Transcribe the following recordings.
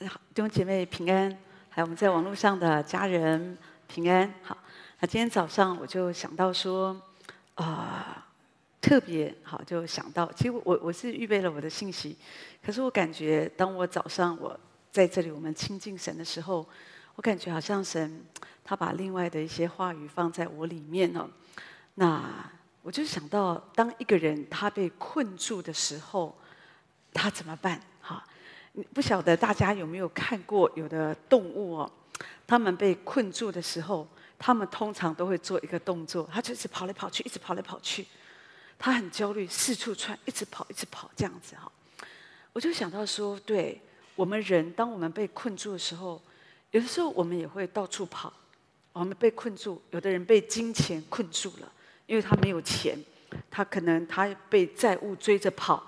好，弟兄姐妹平安，還有我們在網絡上的家人平安。好，那今天早上我就想到說，啊、呃，特別好，就想到，其實我我是預備了我的信息，可是我感覺，當我早上我在這裡我們親近神的時候，我感覺好像神他把另外的一些話語放在我裡面哦。那我就想到，當一個人他被困住的時候，他怎麼辦？不曉得大家有沒有看過，有的動物哦，他們被困住的時候，他們通常都會做一個動作，他就是跑來跑去，一直跑來跑去，他很焦慮，四處竄，一直跑，一直跑，這樣子哈。我就想到說，對，我們人，當我們被困住的時候，有的時候我們也會到處跑。我們被困住，有的人被金錢困住了，因為他沒有錢，他可能他被債務追着跑。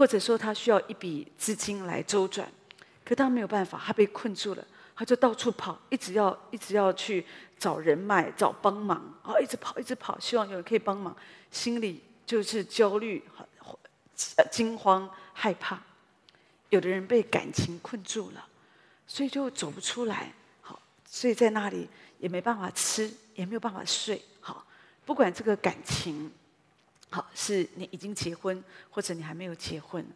或者說他需要一筆資金來周轉，可他沒有辦法，他被困住了，他就到處跑，一直要一直要去找人脈、找幫忙，哦，一直跑，一直跑，希望有人可以幫忙，心裡就是焦慮、驚慌、害怕。有的人被感情困住了，所以就走不出來，好，所以在那裡也沒辦法吃，也沒有辦法睡，好，不管這個感情。好，是你已經結婚，或者你還沒有結婚，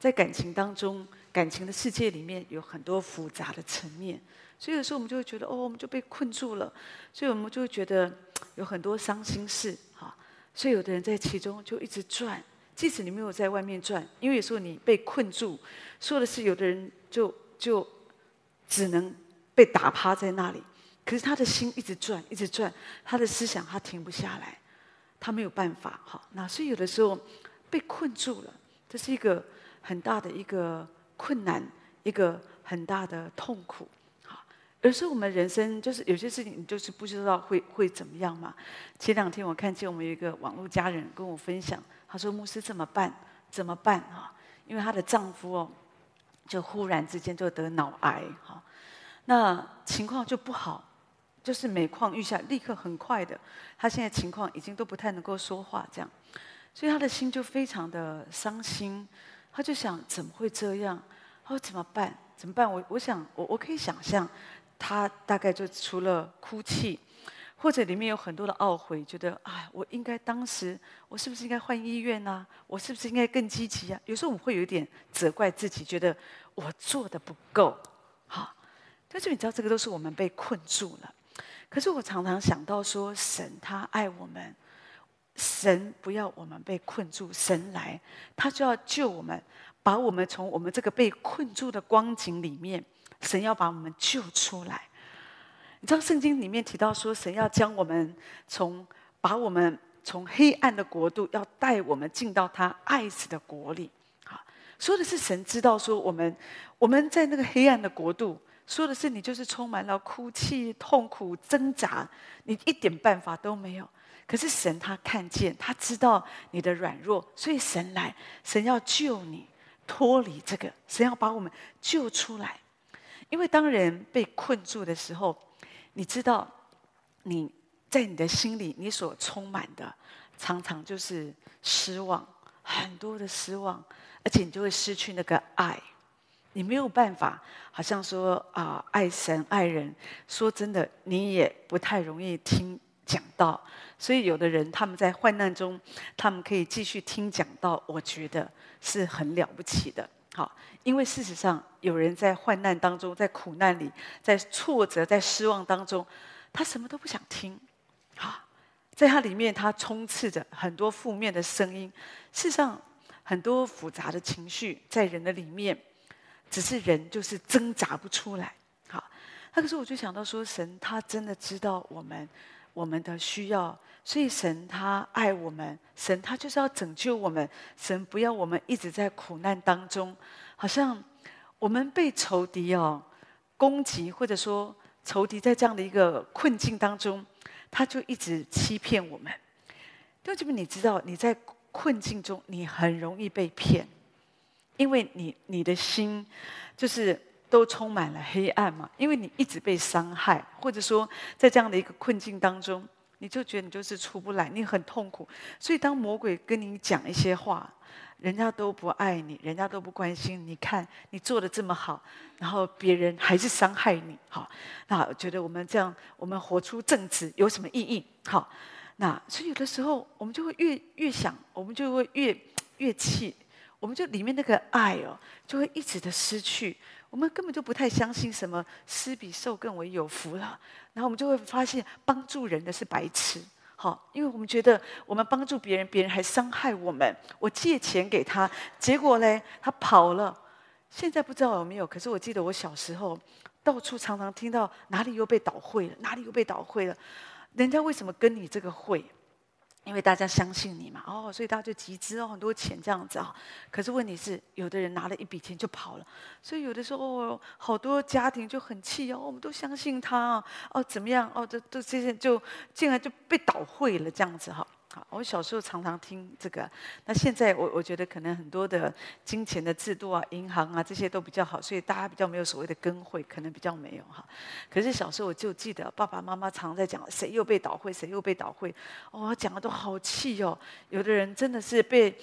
在感情當中，感情的世界裡面有很多複雜的層面，所以有時候我們就會覺得，哦，我們就被困住了，所以我們就會覺得有很多傷心事，哈。所以有的人在其中就一直轉，即使你沒有在外面轉，因為有時候你被困住，說的是有的人就就只能被打趴在那裡，可是他的心一直轉，一直轉，他的思想他停不下來，他沒有辦法，哈，那所以有的時候被困住了，這是一個很大的一個困難，一個很大的痛苦，哈。而是我們人生就是有些事情，你就是不知道會會怎麼樣嘛。前兩天我看見我們有一個網絡家人跟我分享，她說：“牧師怎麼辦？怎麼辦？哈、哦，因為她的丈夫哦，就忽然之間就得腦癌，哈、哦，那情況就不好。”就是每況愈下，立刻很快的，他現在情況已經都不太能夠說話這樣，所以他的心就非常的傷心，他就想怎麼會這樣？說、哦，怎麼辦？怎麼辦？我我想我我可以想象，他大概就除了哭泣，或者裡面有很多的懊悔，覺得啊，我應該當時我是不是應該換醫院呢、啊？我是不是應該更積極啊？有時候我們會有一點責怪自己，覺得我做的不夠，好、哦。但是你知道，這個都是我們被困住了。可是我常常想到說，神他愛我們，神不要我們被困住，神來他就要救我們，把我們從我們這個被困住的光景裡面，神要把我們救出來。你知道聖經裡面提到說，神要將我們從，把我們從黑暗的國度，要帶我們進到他愛子的國裡。好，說的是神知道說我們，我們在那個黑暗的國度。說的是你就是充滿了哭泣、痛苦、掙扎，你一點辦法都沒有。可是神他看見，他知道你的軟弱，所以神來，神要救你脫離這個。神要把我們救出來，因為當人被困住的時候，你知道你在你的心裡，你所充滿的常常就是失望，很多的失望，而且你就會失去那個愛。你沒有辦法，好像說啊，愛神愛人。說真的，你也不太容易聽講道。所以，有的人他們在患難中，他們可以繼續聽講道。我覺得是很了不起的。好，因為事實上，有人在患難當中，在苦難裡，在挫折、在失望當中，他什麼都不想聽。好、啊，在他裡面，他充斥着很多負面的聲音。事實上，很多複雜的情緒在人的裡面。只是人就是掙扎不出來，好。那個時候我就想到說，神他真的知道我們我們的需要，所以神他愛我們，神他就是要拯救我們，神不要我們一直在苦難當中，好像我們被仇敵哦攻擊，或者說仇敵在這樣的一個困境當中，他就一直欺騙我們。對，就是你知道你在困境中，你很容易被騙。因為你你的心，就是都充滿了黑暗嘛。因為你一直被傷害，或者說在這樣的一個困境當中，你就覺得你就是出不來，你很痛苦。所以當魔鬼跟你講一些話，人家都不愛你，人家都不關心。你看你做得這麼好，然後別人還是傷害你。好，那我覺得我們這樣，我們活出正直有什麼意義？好，那所以有的時候我們就會越越想，我們就會越越氣。我們就裡面那個愛哦，就會一直的失去。我們根本就不太相信什麼施比受更為有福了。然後我們就會發現，幫助人的是白痴。好，因為我們覺得我們幫助別人，別人還傷害我們。我借錢給他，結果嘞，他跑了。現在不知道有沒有，可是我記得我小時候，到處常常聽到哪裡又被倒會了，哪裡又被倒會了。人家為什麼跟你這個會？因為大家相信你嘛，哦，所以大家就集資哦，很多錢這樣子啊、哦。可是問題是，有的人拿了一筆錢就跑了，所以有的時候、哦、好多家庭就很氣哦，我們都相信他、啊、哦怎麼樣哦，這這些就竟然就被倒會了這樣子哈、哦。我小時候常常聽這個。那現在我我覺得可能很多的金錢的制度啊、銀行啊這些都比較好，所以大家比較沒有所謂的跟會，可能比較沒有哈。可是小時候我就記得爸爸媽媽常常在講，誰又被倒會，誰又被倒會，哦，講得都好氣喲、哦。有的人真的是被。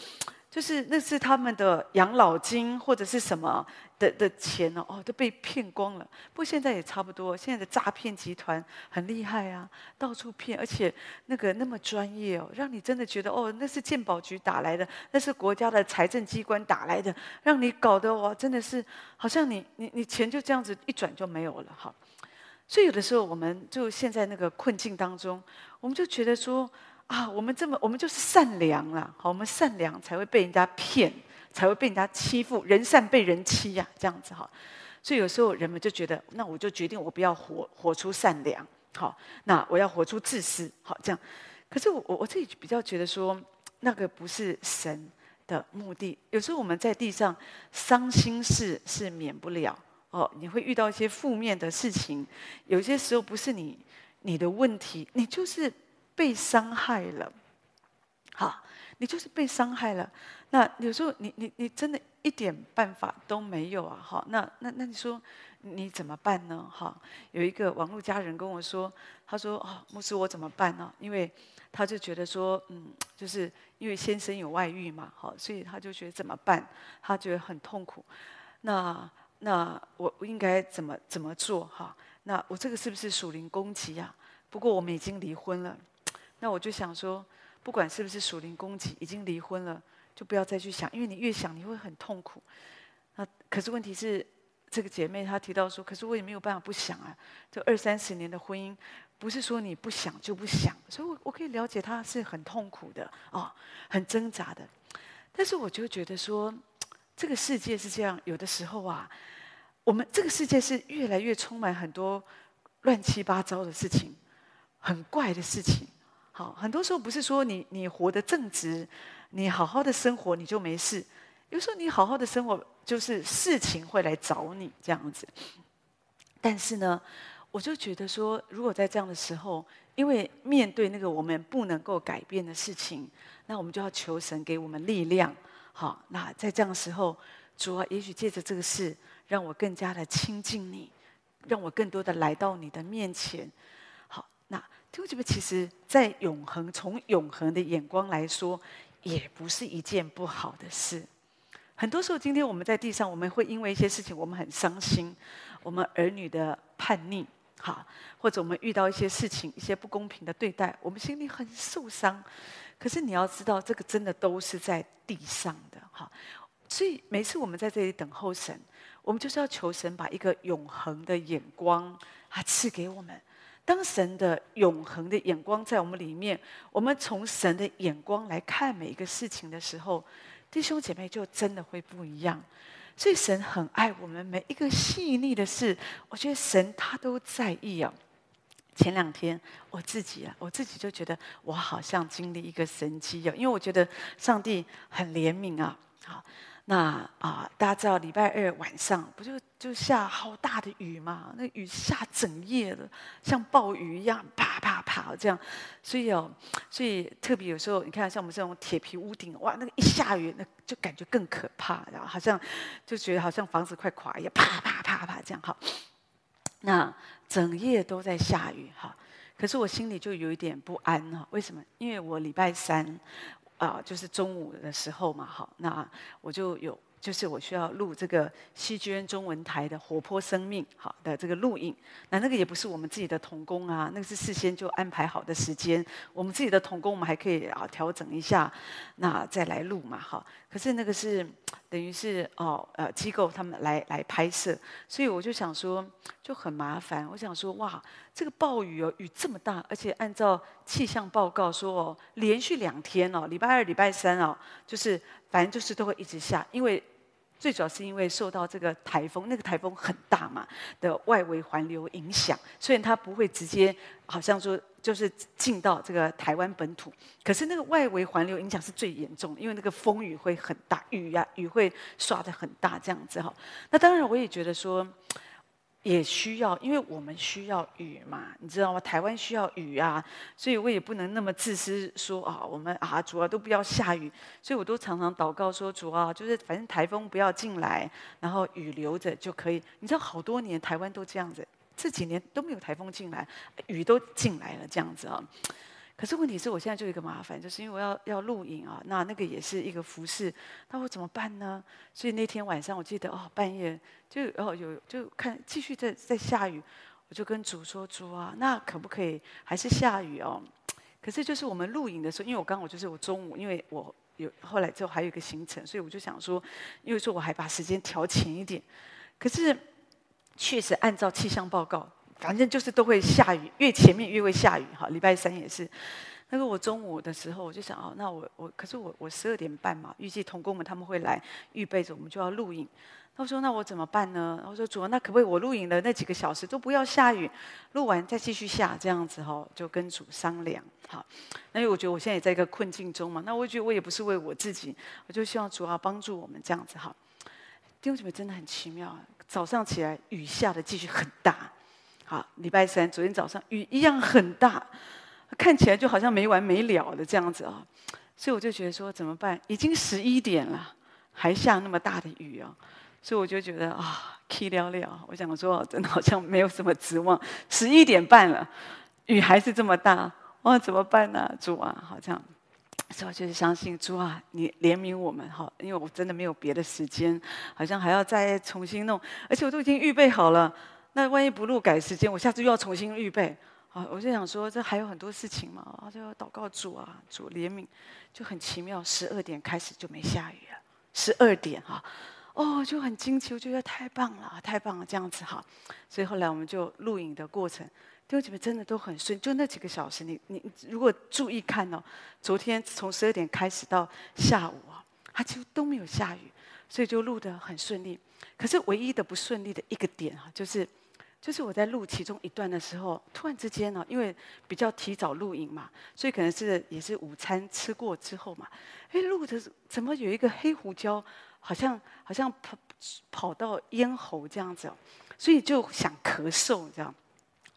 就是那是他們的養老金，或者是什麼的的、的錢哦，哦都被騙光了。不過現在也差不多，現在的詐騙集團很厲害啊，到處騙，而且那個那麼專業哦，讓你真的覺得哦，那是健保局打來的，那是國家的財政機關打來的，讓你搞得哇真的是好像你你你錢就這樣子一轉就沒有了好。所以有的時候我們就陷在那個困境當中，我們就覺得說。啊，我們這麼，我們就是善良啦。好，我們善良才會被人家騙，才會被人家欺負，人善被人欺呀，這樣子哈。所以有時候人們就覺得，那我就決定我不要活活出善良，好，那我要活出自私，好這樣。可是我我我自己比較覺得說，那個不是神的目的。有時候我們在地上傷心事是免不了哦，你會遇到一些負面的事情，有些時候不是你你的問題，你就是。被傷害了，好，你就是被傷害了。那有時候你你你真的一點辦法都沒有啊！哈，那那那你說你怎麼辦呢？哈，有一個網絡家人跟我說，他說：“哦，牧師，我怎麼辦呢啊？因為他就覺得說，嗯，就是因為先生有外遇嘛，好，所以他就覺得怎麼辦？他覺得很痛苦。那那我應該怎麼怎麼做？哈，那我這個是不是屬靈攻擊呀？不過我們已經離婚了。”那我就想說，不管是不是屬靈攻擊，已經離婚了，就不要再去想，因為你越想，你會很痛苦。那可是問題是，這個姐妹她提到說，可是我也沒有辦法不想啊。這二三十年的婚姻，不是說你不想就不想，所以我我可以了解她是很痛苦的，啊、哦，很掙扎的。但是我就覺得說，這個世界是這樣，有的時候啊，我們這個世界是越來越充滿很多亂七八糟的事情，很怪的事情。好，很多時候不是說你你活得正直，你好好的生活你就沒事。有時候你好好的生活，就是事情會來找你這樣子。但是呢，我就覺得說，如果在這樣的時候，因為面對那個我們不能夠改變的事情，那我們就要求神給我們力量。好，那在這樣的時候，主啊，也許借着這個事，讓我更加的親近你，讓我更多的來到你的面前。就我覺得，其實在永恆，從永恆的眼光來說，也不是一件不好的事。很多時候，今天我們在地上，我們會因為一些事情，我們很傷心；我們兒女的叛逆，好，或者我們遇到一些事情，一些不公平的對待，我們心裡很受傷。可是你要知道，這個真的都是在地上的，好。所以每次我們在這裡等候神，我們就是要求神把一個永恆的眼光啊賜給我們。當神的永恆的眼光在我們裡面，我們從神的眼光來看每一個事情的時候，弟兄姐妹就真的會不一樣。所以神很愛我們每一個細膩的事，我覺得神他都在意啊、哦。前兩天我自己啊，我自己就覺得我好像經歷一個神蹟啊、哦，因為我覺得上帝很憐憫啊。好。那啊，大家知道禮拜二晚上不就就下好大的雨嘛？那雨下整夜的，像暴雨一樣，啪啪啪這樣。所以哦，所以特別有時候，你看像我們這種鐵皮屋頂，哇，那個一下雨，那就感覺更可怕，然後好像就覺得好像房子快垮一樣，啪啪啪啪這樣哈。那整夜都在下雨哈，可是我心裡就有一點不安哈、哦。為什麼？因為我禮拜三。啊，就是中午的時候嘛，好，那我就有，就是我需要錄這個西 c 中文台的《活潑生命》好，的這個錄影。那那個也不是我們自己的童工啊，那個是事先就安排好的時間。我們自己的童工，我們還可以啊調整一下，那再來錄嘛，好。可是那個是等於是哦、啊，呃，機構他們來來拍攝，所以我就想說。就很麻煩。我想說，哇，這個暴雨哦，雨這麼大，而且按照氣象報告說，哦，連續兩天哦，禮拜二、禮拜三哦，就是反正就是都會一直下。因為最主要是因為受到這個颱風，那個颱風很大嘛的外圍環流影響。雖然它不會直接，好像說就是進到這個台灣本土，可是那個外圍環流影響是最嚴重的，因為那個風雨會很大，雨呀、啊、雨會刷得很大這樣子哈。那當然，我也覺得說。也需要，因為我們需要雨嘛，你知道嗎？台灣需要雨啊，所以我也不能那麼自私說，說、哦、啊，我們啊，主啊，都不要下雨。所以我都常常禱告說，主啊，就是反正台風不要進來，然後雨留着就可以。你知道，好多年台灣都這樣子，這幾年都沒有台風進來，雨都進來了，這樣子啊、哦。可是問題是我現在就有一個麻煩，就是因為我要要露營啊，那那個也是一個服飾，那我怎麼辦呢？所以那天晚上我記得哦，半夜就哦有就看繼續在在下雨，我就跟主說，主啊，那可不可以還是下雨哦？可是就是我們露營的時候，因為我剛我就是我中午因為我有後來就還有一個行程，所以我就想說，因為說我還把時間調前一點，可是確實按照氣象報告。反正就是都會下雨，越前面越會下雨。哈，禮拜三也是。那個我中午的時候，我就想哦，那我我可是我我十二點半嘛，預計同工們他們會來，預備着我們就要錄影。他說那我怎麼辦呢？我說主啊，那可不可以我錄影的那幾個小時都不要下雨，錄完再繼續下這樣子哈、哦，就跟主商量。好，因為我覺得我現在也在一個困境中嘛，那我覺得我也不是為我自己，我就希望主啊幫助我們這樣子哈。弟兄姐妹真的很奇妙，早上起來雨下的繼續很大。好，禮拜三昨天早上雨一樣很大，看起來就好像沒完沒了的這樣子啊、哦，所以我就覺得說怎麼辦？已經十一點了，還下那麼大的雨啊、哦，所以我就覺得啊，氣了了。我想說，真的好像沒有什麼指望。十一點半了，雨還是這麼大，哇，怎麼辦呢、啊？主啊，好像，所以我就是相信主啊，你憐憫我們哈，因為我真的沒有別的時間，好像還要再重新弄，而且我都已經預備好了。那萬一不錄改時間，我下次又要重新預備啊！我就想說，這還有很多事情嘛啊！就要禱告主啊，主憐憫，就很奇妙。十二點開始就沒下雨了，十二點哈、啊，哦，就很驚奇，我覺得太棒了，太棒了，這樣子哈、啊。所以後來我們就錄影的過程，弟兄姊妹真的都很順，就那幾個小時，你你如果注意看哦，昨天從十二點開始到下午啊，它幾乎都沒有下雨。所以就錄得很順利，可是唯一的不順利的一個點哈，就是，就是我在錄其中一段的時候，突然之間呢，因為比較提早錄影嘛，所以可能是也是午餐吃過之後嘛，哎，錄着怎麼有一個黑胡椒，好像好像跑跑到咽喉這樣子哦，所以就想咳嗽這樣。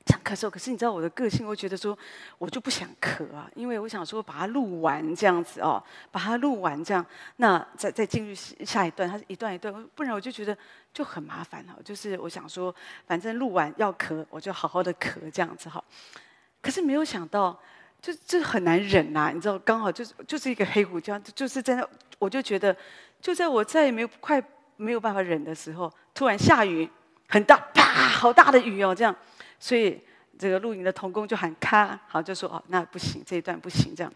想咳嗽，可是你知道我的個性，我覺得說，我就不想咳啊，因為我想說把它錄完這樣子哦，把它錄完這樣，那再再進入下一段，它是一段一段，不然我就覺得就很麻煩了。就是我想說，反正錄完要咳，我就好好的咳這樣子哈。可是沒有想到，就就很難忍吶、啊，你知道，剛好就是就是一個黑胡椒，就是在那，我就覺得，就在我再也沒有快沒有辦法忍的時候，突然下雨，很大，啪，好大的雨哦，這樣。所以這個錄影的同工就喊咔，好就說哦那不行，這一段不行這樣，然、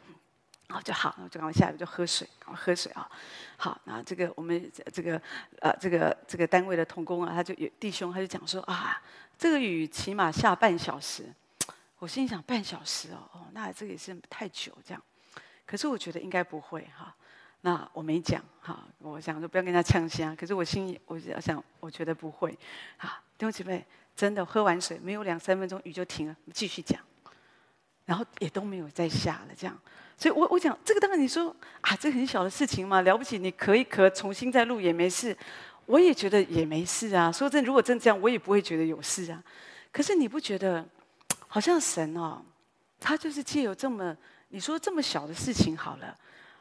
嗯、後就好，我就趕快下來就喝水，趕快喝水啊、哦，好那這個我們這個呃這個、這個、這個單位的同工啊，他就弟兄他就講說啊這個雨起碼下半小時，我心想半小時哦哦那這個也是太久這樣，可是我覺得應該不會哈、哦，那我沒講哈、哦，我想說不要跟他嗆聲、啊，可是我心裡我要想我覺得不會，哈、哦。弟兄姐妹。真的，喝完水沒有兩三分鐘，雨就停了，我們繼續講，然後也都沒有再下了，這樣。所以我，我我講這個，當然你說啊，這很小的事情嘛，了不起你咳一咳，你可以可重新再錄也沒事，我也覺得也沒事啊。說真，如果真這樣，我也不會覺得有事啊。可是你不覺得，好像神哦，他就是借由這麼你說這麼小的事情好了，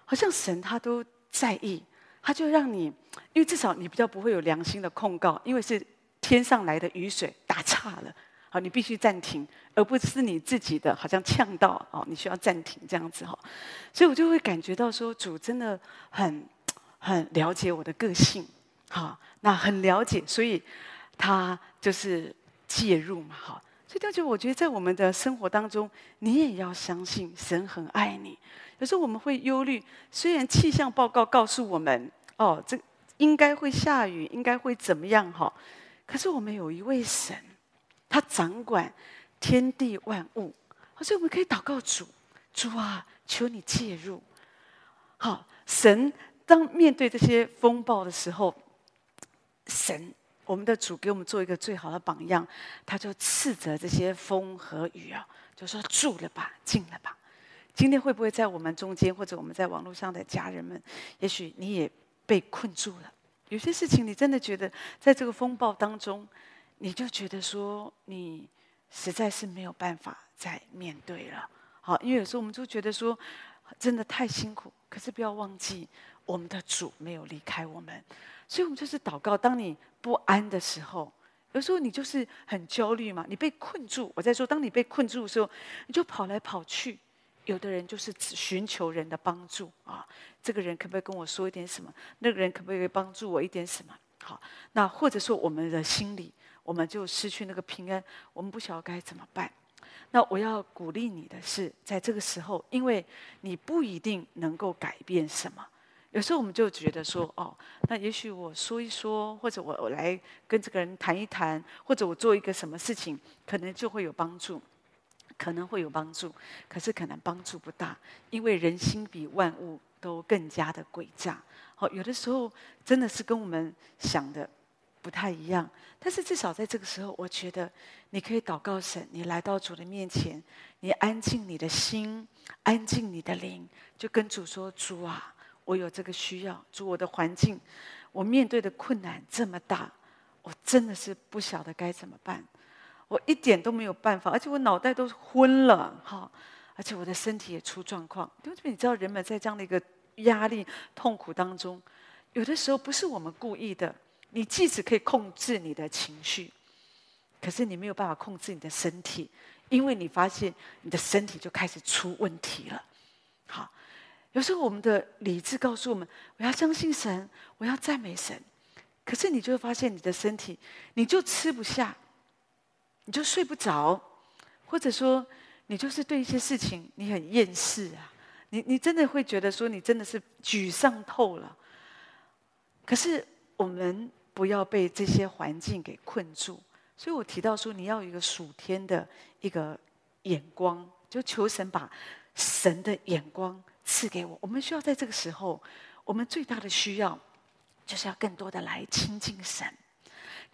好像神他都在意，他就讓你，因為至少你比較不會有良心的控告，因為是。天上來的雨水打岔了，好，你必須暫停，而不是你自己的，好像嗆到哦，你需要暫停這樣子哈。所以我就會感覺到說，主真的很很了解我的個性，好，那很了解，所以他就是介入嘛，哈，所以就，我覺得在我們的生活當中，你也要相信神很愛你。有時候我們會憂慮，雖然氣象報告告訴我們，哦，這應該會下雨，應該會怎麼樣哈。可是我們有一位神，他掌管天地萬物，所以我們可以禱告主：主啊，求你介入。好，神，當面對這些風暴的時候，神，我們的主給我們做一個最好的榜樣，他就斥責這些風和雨啊，就說住了吧，靜了吧。今天會不會在我們中間，或者我們在網絡上的家人們，也許你也被困住了？有些事情你真的覺得，在這個風暴當中，你就覺得說你實在是沒有辦法再面對了。好，因為有時候我們就覺得說，真的太辛苦。可是不要忘記，我們的主沒有離開我們，所以我們就是禱告。當你不安的時候，有時候你就是很焦慮嘛，你被困住。我在說，當你被困住的時候，你就跑來跑去。有的人就是只尋求人的幫助啊，這個人可不可以跟我說一點什麼？那個人可不可以幫助我一點什麼？好，那或者說我們的心裡，我們就失去那個平安，我們不曉得該怎麼辦。那我要鼓勵你的是，在這個時候，因為你不一定能夠改變什麼。有時候我們就覺得說，哦，那也許我說一說，或者我我來跟這個人談一談，或者我做一個什麼事情，可能就會有幫助。可能會有幫助，可是可能幫助不大，因為人心比萬物都更加的詭詐。好、哦，有的時候真的是跟我們想的不太一樣，但是至少在這個時候，我覺得你可以禱告神，你來到主的面前，你安靜你的心，安靜你的靈，就跟主說：“主啊，我有這個需要。”主，我的環境，我面對的困難這麼大，我真的是不曉得該怎麼辦。我一點都沒有辦法，而且我腦袋都昏了，哈！而且我的身體也出狀況。因為你知道，人們在這樣的一個壓力、痛苦當中，有的時候不是我們故意的。你即使可以控制你的情緒，可是你沒有辦法控制你的身體，因為你發現你的身體就開始出問題了。好，有時候我們的理智告訴我們，我要相信神，我要讚美神，可是你就會發現你的身體，你就吃不下。你就睡不着，或者說你就是對一些事情你很厭世啊，你你真的會覺得說你真的是沮喪透了。可是我們不要被這些環境給困住，所以我提到說你要有一個屬天的一個眼光，就求神把神的眼光賜給我。我們需要在這個時候，我們最大的需要就是要更多的來親近神，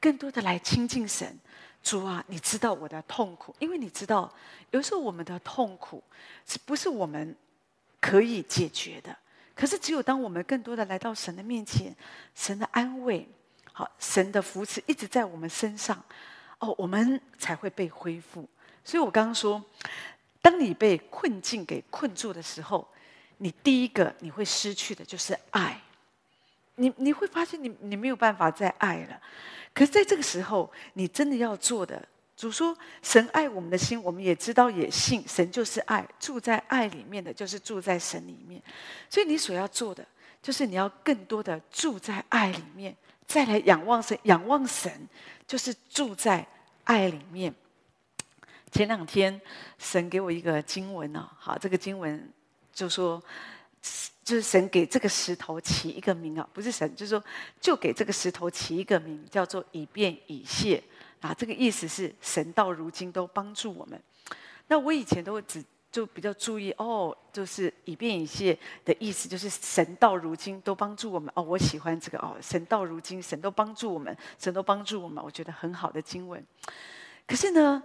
更多的來親近神。主啊，你知道我的痛苦，因為你知道，有時候我們的痛苦是不是我們可以解決的？可是只有當我們更多的來到神的面前，神的安慰，好，神的扶持一直在我們身上，哦，我們才會被恢復。所以我剛剛說，當你被困境給困住的時候，你第一個你會失去的就是愛。你你會發現你，你你沒有辦法再愛了。可是在這個時候，你真的要做的，主說，神愛我們的心，我們也知道也信，神就是愛，住在愛裡面的就是住在神裡面。所以你所要做的，就是你要更多的住在愛裡面，再來仰望神，仰望神就是住在愛裡面。前兩天，神給我一個經文呢、哦，好，這個經文就說。就是神給這個石頭起一個名啊，不是神，就是說就給這個石頭起一個名，叫做“以便以謝”啊。這個意思是神到如今都幫助我們。那我以前都會只就比較注意哦，就是“以便以謝”的意思，就是神到如今都幫助我們哦。我喜歡這個哦，神到如今，神都幫助我們，神都幫助我們，我覺得很好的經文。可是呢，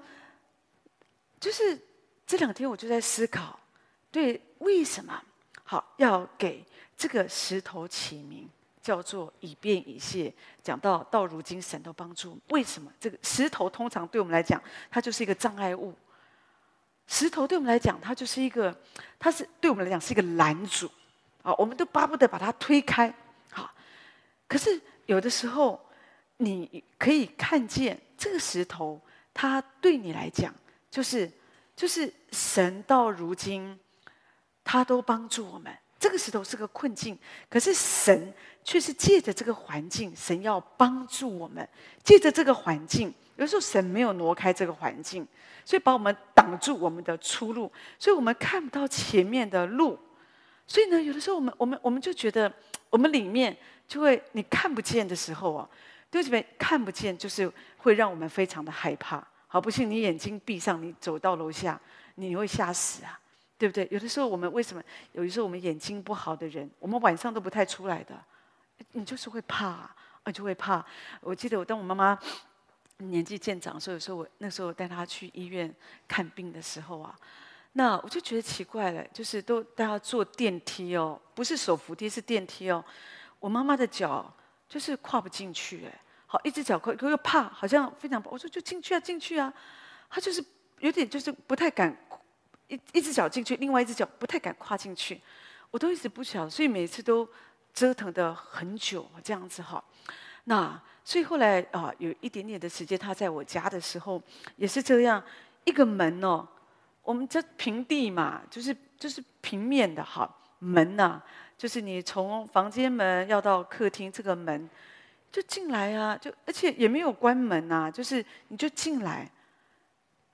就是這兩天我就在思考，對，為什麼？好，要給這個石頭起名，叫做“以便以謝”。講到到如今，神都幫助，為什麼這個石頭通常對我們來講，它就是一個障礙物？石頭對我們來講，它就是一個，它是對我們來講是一個攔阻啊！我們都巴不得把它推開。好，可是有的時候，你可以看見這個石頭，它對你來講，就是就是神到如今。他都幫助我們。這個石頭是個困境，可是神卻是借着這個環境，神要幫助我們。借着這個環境，有時候神沒有挪開這個環境，所以把我們擋住我們的出路，所以我們看不到前面的路。所以呢，有的時候我們我們我們就覺得我們裡面就會你看不見的時候哦、啊，對不起，看不見就是會讓我們非常的害怕。好，不信你眼睛閉上，你走到樓下，你會嚇死啊。對不對？有的時候我們為什麼？有的時候我們眼睛不好的人，我們晚上都不太出來的。你就是會怕啊，就會怕。我記得我當我媽媽年紀漸長時候，所以說我那時候我帶她去醫院看病的時候啊，那我就覺得奇怪了，就是都帶她坐電梯哦，不是手扶梯是電梯哦。我媽媽的腳就是跨不進去哎，好，一隻腳跨，又怕，好像非常怕。我說就進去啊，進去啊，她就是有點就是不太敢。一一只腳進去，另外一只腳不太敢跨進去，我都一直不曉得，所以每次都折騰得很久這樣子哈。那所以後來啊，有一點點的時間他在我家的時候也是這樣，一個門哦，我們這平地嘛，就是就是平面的哈。門吶、啊，就是你從房間門要到客廳這個門，就進來啊，就而且也沒有關門啊，就是你就進來。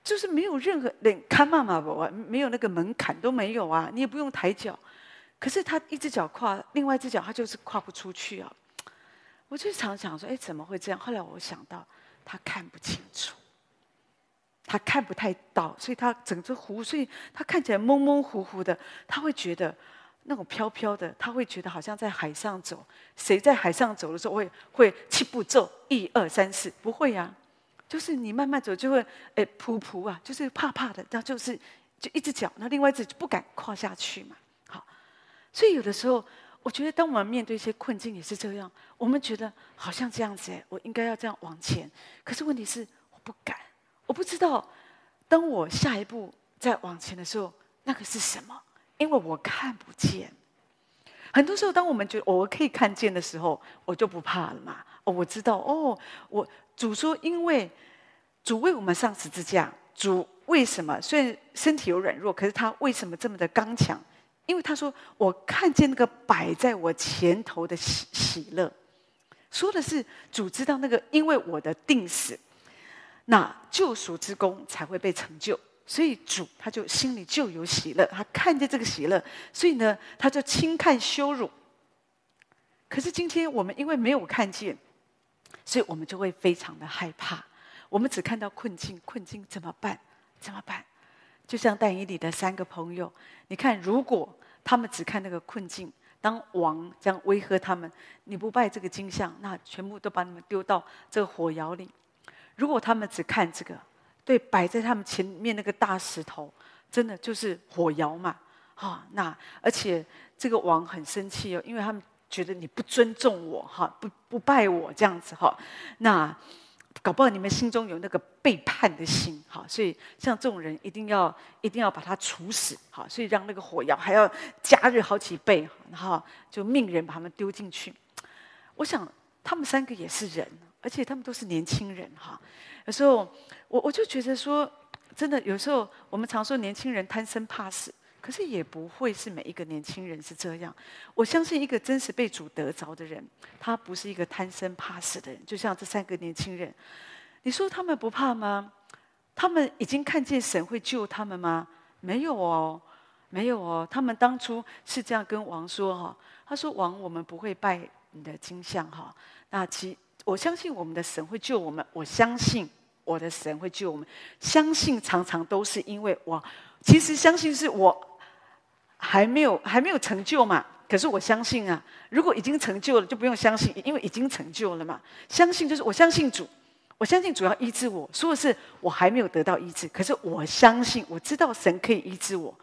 就是沒有任何連看媽媽不沒有那個門檻都沒有啊，你也不用抬腳。可是他一隻腳跨，另外一隻腳他就是跨不出去啊。我就常想說，哎、欸，怎麼會這樣？後來我想到，他看不清楚，他看不太到，所以他整隻湖，所以他看起來模模糊糊的。他會覺得那種飄飄的，他會覺得好像在海上走。誰在海上走的時候會會齊步走，一二三四？不會呀、啊。就是你慢慢走就會，誒噗噗啊，就是怕怕的，那就是就一隻腳，那另外一隻就不敢跨下去嘛。好，所以有的時候，我覺得當我們面對一些困境也是這樣，我們覺得好像這樣子，誒，我應該要這樣往前，可是問題是我不敢，我不知道當我下一步再往前的時候，那個是什麼，因為我看不見。很多時候，當我們覺得，哦，我可以看見的時候，我就不怕了嘛。哦，我知道，哦，我。主說：“因為主為我們上十字架，主為什麼？雖然身體有軟弱，可是他為什麼這麼的剛強？因為他說：‘我看見那個擺在我前頭的喜喜樂。’說的是主知道那個，因為我的釘死，那救贖之功才會被成就。所以主他就心裡就有喜樂，他看見這個喜樂，所以呢，他就輕看羞辱。可是今天我們因為沒有看見。”所以我們就會非常的害怕，我們只看到困境，困境怎麼辦？怎麼辦？就像但以理的三個朋友，你看，如果他們只看那個困境，當王將威嚇他們，你不拜這個金像，那全部都把你們丟到這個火窯裡。如果他們只看這個，對，擺在他們前面那個大石頭，真的就是火窯嘛？哈、哦，那而且這個王很生氣哦，因為他們。覺得你不尊重我哈，不、不拜我這樣子哈，那搞不好你們心中有那個背叛的心哈，所以像這種人一定要一定要把他處死哈，所以讓那個火藥還要加熱好幾倍，然後就命人把他們丟進去。我想他們三個也是人，而且他們都是年輕人哈。有時候我我就覺得說，真的有時候我們常說年輕人貪生怕死。可是也不會是每一個年輕人是這樣。我相信一個真實被主得着的人，他不是一個貪生怕死的人。就像這三個年輕人，你說他們不怕嗎？他們已經看見神會救他們嗎？沒有哦，沒有哦。他們當初是這樣跟王說哈、哦，他說王，我們不會拜你的金像哈、哦。那其我相信我們的神會救我們，我相信我的神會救我們。相信常常都是因為我，其實相信是我。還沒有還沒有成就嘛？可是我相信啊。如果已經成就了，就不用相信，因為已經成就了嘛。相信就是我相信主，我相信主要醫治我。說的是我還沒有得到醫治，可是我相信，我知道神可以醫治我。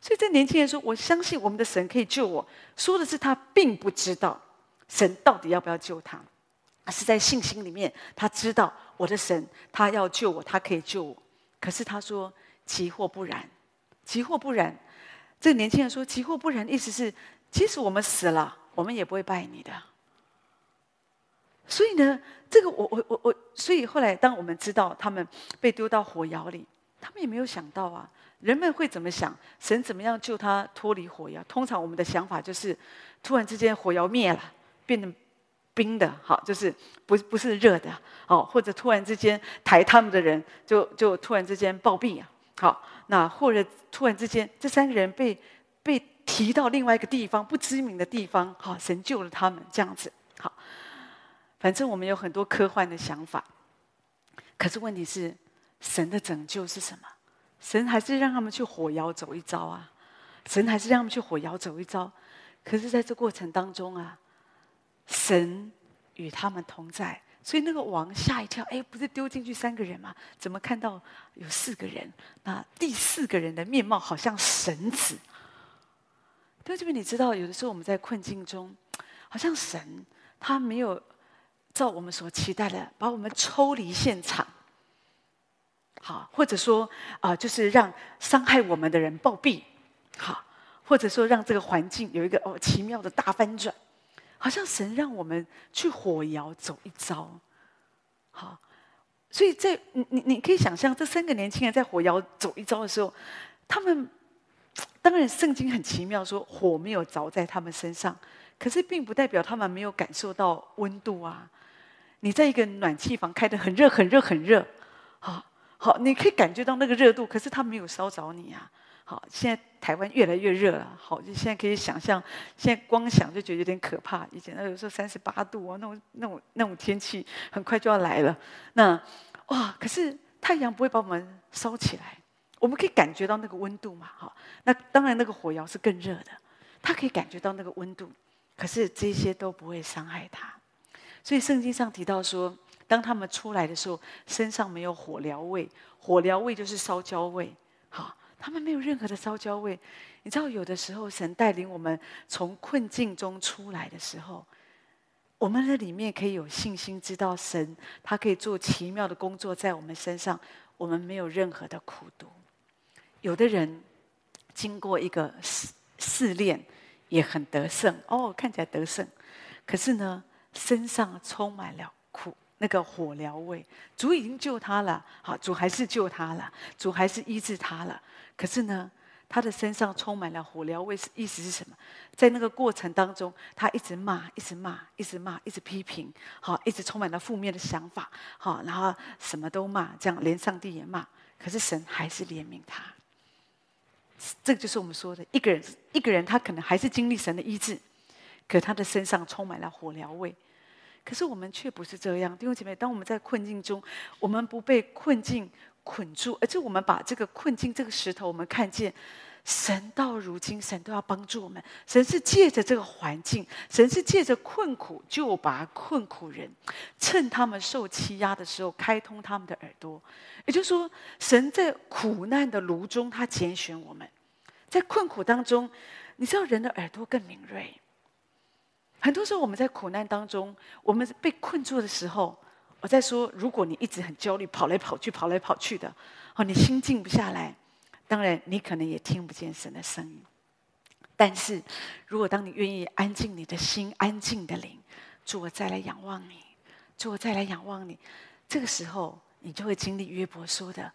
所以這年輕人說：“我相信我們的神可以救我。”說的是他並不知道神到底要不要救他，而是在信心裡面，他知道我的神，他要救我，他可以救我。可是他說：“即或不然，即或不然。”這個年輕人說：“即或不然的意思是即使我們死了，我們也不會拜你的。所以呢，這個我我我我，所以後來當我們知道他們被丟到火窯裡，他們也沒有想到啊，人們會怎麼想？神怎麼樣救他脫離火窯？通常我們的想法就是，突然之間火窯滅了，變成冰的，好，就是不不是熱的哦，或者突然之間抬他們的人就就突然之間暴斃啊。”好，那或者突然之間，這三個人被被提到另外一個地方，不知名的地方，好，神救了他們，這樣子。好，反正我們有很多科幻的想法，可是問題是，神的拯救是什麼？神還是讓他們去火窑走一遭啊？神還是讓他們去火窑走一遭？可是在這過程當中啊，神與他們同在。所以那個王嚇一跳，哎，不是丟進去三個人嗎？怎麼看到有四個人？那第四個人的面貌好像神子。各位你知道，有的時候我們在困境中，好像神他沒有照我們所期待的，把我們抽離現場，好，或者說啊、呃，就是讓傷害我們的人暴斃，好，或者說讓這個環境有一個哦奇妙的大翻轉。好像神讓我們去火窑走一遭。好，所以在你你你可以想象，這三個年輕人在火窑走一遭的時候，他們當然聖經很奇妙說，火沒有着在他們身上，可是並不代表他們沒有感受到溫度啊。你在一個暖氣房開得很熱很熱很熱，好好，你可以感覺到那個熱度，可是它沒有燒着你啊。好，現在台灣越來越熱了。好，就現在可以想象，現在光想就覺得有點可怕。以前那有時候三十八度啊、哦，那種那種那種天氣很快就要來了。那哇，可是太陽不會把我們燒起來，我們可以感覺到那個溫度嘛。哈，那當然那個火窑是更熱的，它可以感覺到那個溫度，可是這些都不會傷害它。所以聖經上提到說，當他們出來的時候，身上沒有火燎味，火燎味就是燒焦味。好。他們沒有任何的燒焦味，你知道，有的時候神帶領我們從困境中出來的時候，我們那裡面可以有信心，知道神他可以做奇妙的工作在我們身上。我們沒有任何的苦毒。有的人經過一個試試煉，也很得勝哦，看起來得勝，可是呢，身上充滿了苦，那個火燎味。主已經救他了，好，主還是救他了，主還是醫治他了。可是呢，他的身上充滿了火燎味，意思是什麼？在那個過程當中，他一直罵，一直罵，一直罵，一直批評，好，一直充滿了負面的想法，好，然後什麼都罵，這樣連上帝也罵。可是神還是憐憫他。這個、就是我們說的一個人，一個人他可能還是經歷神的醫治，可他的身上充滿了火燎味。可是我們卻不是這樣，弟兄姐妹，當我們在困境中，我們不被困境捆住，而且我們把這個困境、這個石頭，我們看見，神到如今，神都要幫助我們。神是借着這個環境，神是借着困苦，救拔困苦人，趁他們受欺壓的時候，開通他們的耳朵。也就是說，神在苦難的爐中，他揀選我們，在困苦當中，你知道，人的耳朵更敏銳。很多時候，我們在苦難當中，我們被困住的時候，我在說，如果你一直很焦慮，跑來跑去，跑來跑去的，哦，你心靜不下來。當然，你可能也聽不見神的聲音。但是如果當你願意安靜你的心，安靜的靈，主我再來仰望你，主我再來仰望你。這個時候，你就會經歷約伯說的，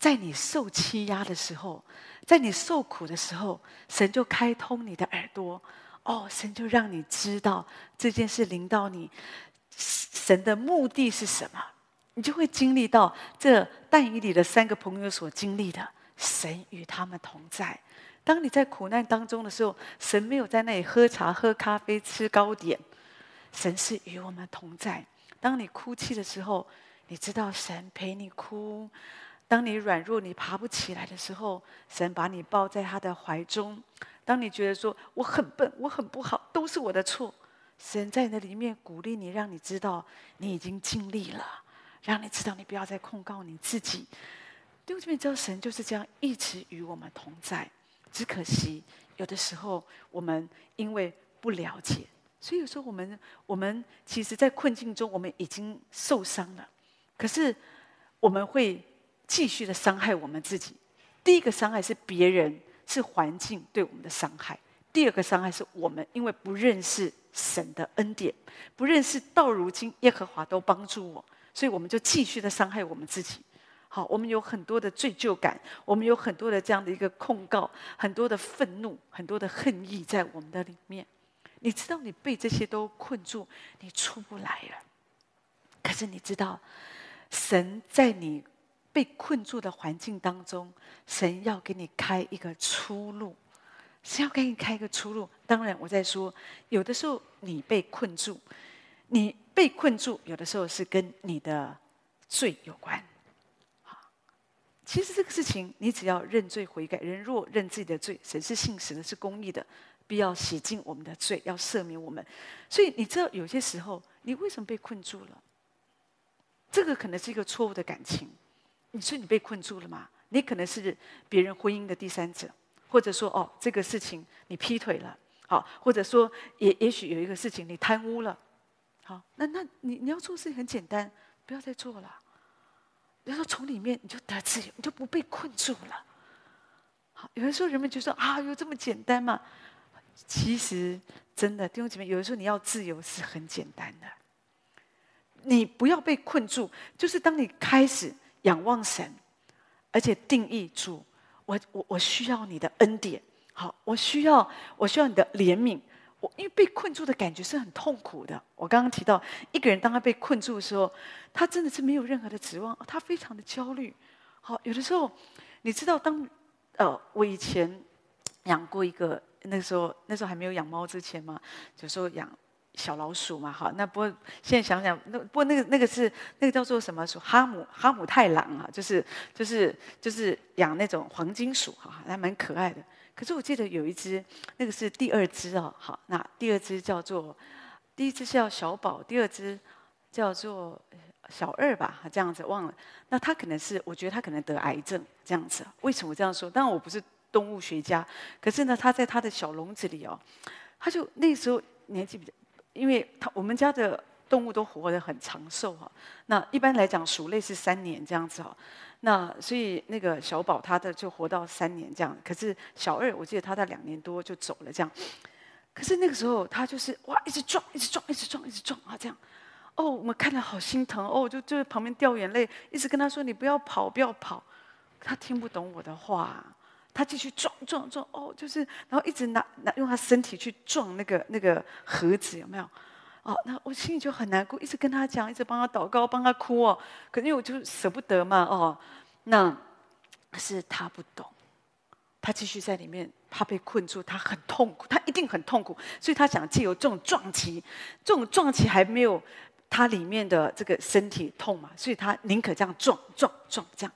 在你受欺壓的時候，在你受苦的時候，神就開通你的耳朵，哦，神就讓你知道這件事臨到你。神的目的是什麼？你就會經歷到這但以理的三個朋友所經歷的，神與他們同在。當你在苦難當中的時候，神沒有在那裡喝茶、喝咖啡、吃糕點，神是與我們同在。當你哭泣的時候，你知道神陪你哭；當你軟弱、你爬不起來的時候，神把你抱在他的懷中。當你覺得說我很笨、我很不好，都是我的錯。神在你那裡面鼓勵你，讓你知道你已經盡力了，讓你知道你不要再控告你自己。對，我們知道神就是這樣一直與我們同在，只可惜有的時候我們因為不了解，所以有時候我們我們其實，在困境中我們已經受傷了，可是我們會繼續的傷害我們自己。第一個傷害是別人，是環境對我們的傷害；第二個傷害是我們因為不認識。神的恩典，不認識到如今，耶和華都幫助我，所以我們就繼續的傷害我們自己。好，我們有很多的罪疚感，我們有很多的這樣的一個控告，很多的憤怒，很多的恨意在我們的裡面。你知道，你被這些都困住，你出不來了。可是你知道，神在你被困住的環境當中，神要給你開一個出路。是要給你開一個出路。當然，我在說，有的時候你被困住，你被困住，有的時候是跟你的罪有關。好，其實這個事情，你只要認罪悔改。人若認自己的罪，神是信實的，是公義的，必要洗淨我們的罪，要赦免我們。所以，你知道有些時候你為什麼被困住了？這個可能是一個錯誤的感情。你說你被困住了嗎？你可能是別人婚姻的第三者。或者說，哦，這個事情你劈腿了，好；或者說也，也也許有一個事情你貪污了，好。那那，你你要做事很簡單，不要再做了。你說從裡面你就得自由，你就不被困住了。好，有的時候人們就說啊，有這麼簡單嗎？其實真的，弟兄姐妹，有的時候你要自由是很簡單的。你不要被困住，就是當你開始仰望神，而且定義主。我我我需要你的恩典，好，我需要我需要你的憐憫，我因為被困住的感覺是很痛苦的。我剛剛提到一個人當他被困住的時候，他真的是沒有任何的指望，他非常的焦慮。好，有的時候你知道當，當呃我以前養過一個，那時候那時候還沒有養貓之前嘛，就是說養。小老鼠嘛，哈，那不過現在想想，那不過那個那個是那個叫做什麼？哈姆哈姆太郎啊，就是就是就是養那種黃金鼠哈，還蠻可愛的。可是我記得有一隻，那個是第二隻哦，好，那第二隻叫做，第一隻是叫小寶，第二隻叫做小二吧，這樣子忘了。那他可能是，我覺得他可能得癌症這樣子。為什麼這樣說？但我不是動物學家，可是呢，他在他的小籠子裡哦，他就那個時候年紀比較。因為它我們家的動物都活得很長壽哈、啊，那一般來講鼠類是三年這樣子哈、啊，那所以那個小寶它的就活到三年這樣，可是小二我記得它在兩年多就走了這樣，可是那個時候它就是哇一直撞一直撞一直撞一直撞啊這樣。哦，我們看了好心疼哦，就就在旁邊掉眼淚，一直跟他說，你不要跑不要跑，他聽不懂我的話。他繼續撞撞撞哦，就是，然後一直拿拿用他身體去撞那個那個盒子，有沒有？哦，那我心裡就很難過，一直跟他講，一直幫他禱告，幫他哭哦。可是因為我就捨不得嘛，哦，那可是他不懂，他繼續在裡面，他被困住，他很痛苦，他一定很痛苦，所以他想借由這種撞擊，這種撞擊還沒有他裡面的這個身體痛嘛，所以他寧可這樣撞撞撞這樣。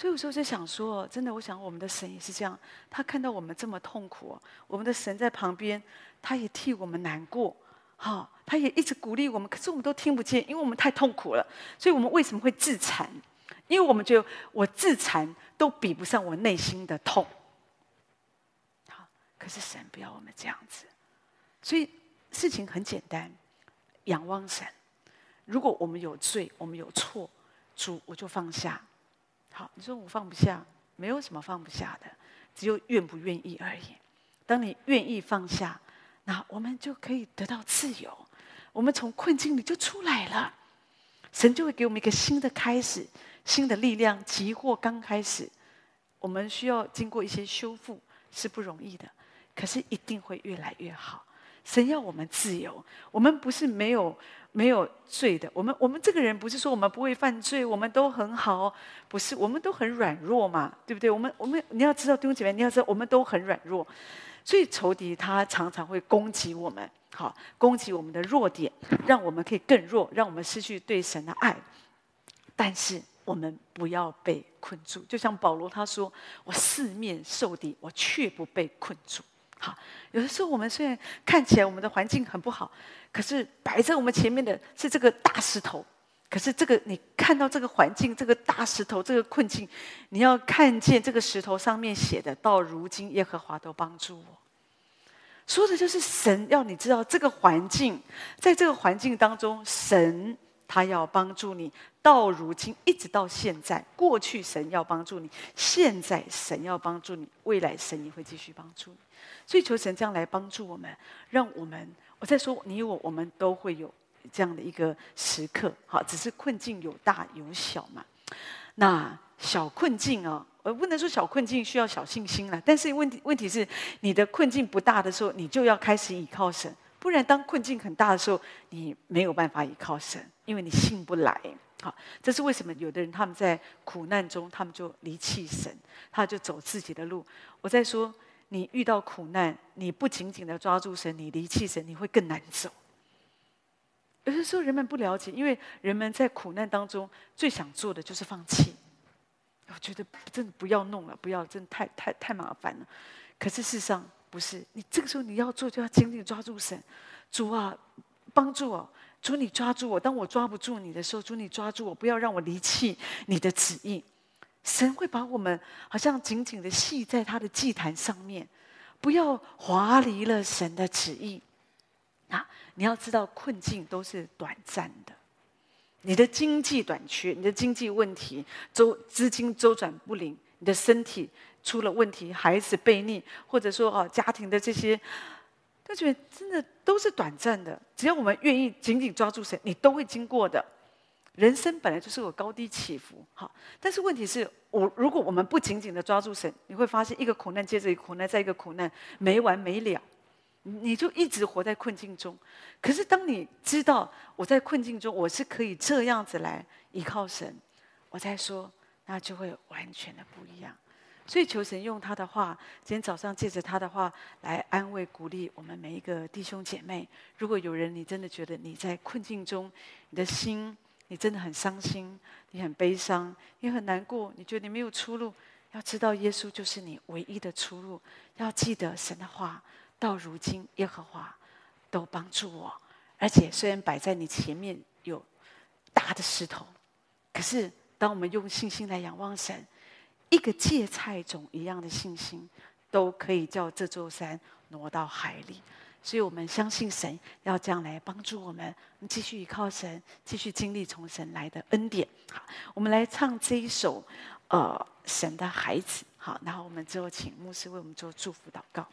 所以有時候就想說，真的，我想我們的神也是這樣，他看到我們這麼痛苦，我們的神在旁邊，他也替我們難過，哈，他也一直鼓勵我們，可是我們都聽不見，因為我們太痛苦了。所以我們為什麼會自殘？因為我們覺得我自殘都比不上我內心的痛。好，可是神不要我們這樣子。所以事情很簡單，仰望神。如果我們有罪，我們有錯，主我就放下。好，你說我放不下，沒有什麼放不下的，只有願不願意而已。當你願意放下，那我們就可以得到自由，我們從困境裡就出來了。神就會給我們一個新的開始，新的力量。即或剛開始，我們需要經過一些修復，是不容易的，可是一定會越來越好。神要我們自由，我們不是沒有沒有罪的。我們我們這個人不是說我們不會犯罪，我們都很好，不是，我們都很軟弱嘛，對不對？我們我們你要知道弟兄姐妹，你要知道我們都很軟弱，所以仇敵他常常會攻擊我們，好攻擊我們的弱點，讓我們可以更弱，讓我們失去對神的愛。但是我們不要被困住，就像保羅他說：“我四面受敵，我卻不被困住。”好，有的時候我們雖然看起來我們的環境很不好，可是擺在我們前面的是這個大石頭。可是這個你看到這個環境，這個大石頭，這個困境，你要看見這個石頭上面寫的“到如今耶和華都幫助我”，說的就是神要你知道這個環境，在這個環境當中，神他要幫助你。到如今，一直到現在，過去神要幫助你，現在神要幫助你，未來神也會繼續幫助你。所以，求神，這樣來幫助我們，讓我們，我在說你我，我們都會有這樣的一個時刻，好，只是困境有大有小嘛。那小困境啊、哦，呃，我不能說小困境需要小信心了，但是問題問題是，你的困境不大的時候，你就要開始依靠神，不然當困境很大的時候，你沒有辦法依靠神，因為你信不來，好，這是為什麼有的人他們在苦難中，他們就離棄神，他就走自己的路。我在說。你遇到苦難，你不緊緊的抓住神，你離棄神，你會更難走。有些時候人們不了解，因為人們在苦難當中最想做的就是放棄。我覺得真的不要弄了，不要，真的太太太麻煩了。可是事實上不是，你這個時候你要做，就要緊緊抓住神。主啊，幫助我！主，你抓住我！當我抓不住你的時候，主，你抓住我，不要讓我離棄你的旨意。神會把我們好像緊緊的繫在他的祭壇上面，不要滑離了神的旨意。啊，你要知道困境都是短暫的。你的經濟短缺，你的經濟問題，周資金周轉不靈，你的身體出了問題，孩子悖逆，或者說哦，家庭的這些，他覺得真的都是短暫的。只要我們願意緊緊抓住神，你都會經過的。人生本來就是有高低起伏，哈！但是問題是我，如果我們不緊緊地抓住神，你會發現一個苦難接着一個苦難，再一個苦難，沒完沒了，你就一直活在困境中。可是當你知道我在困境中，我是可以這樣子來依靠神，我再說，那就會完全的不一樣。所以求神用他的話，今天早上借着他的話來安慰鼓勵我們每一個弟兄姐妹。如果有人你真的覺得你在困境中，你的心。你真的很傷心，你很悲傷，你很難過，你覺得你沒有出路。要知道，耶穌就是你唯一的出路。要記得神的話，到如今耶和華都幫助我。而且，雖然擺在你前面有大的石頭，可是當我們用信心來仰望神，一個芥菜種一樣的信心，都可以叫這座山挪到海裡。所以我們相信神要這樣來幫助我們，我們繼續依靠神，繼續經歷從神來的恩典。好，我們來唱這一首呃，《神的孩子》。好，然後我們最後請牧師為我們做祝福禱告。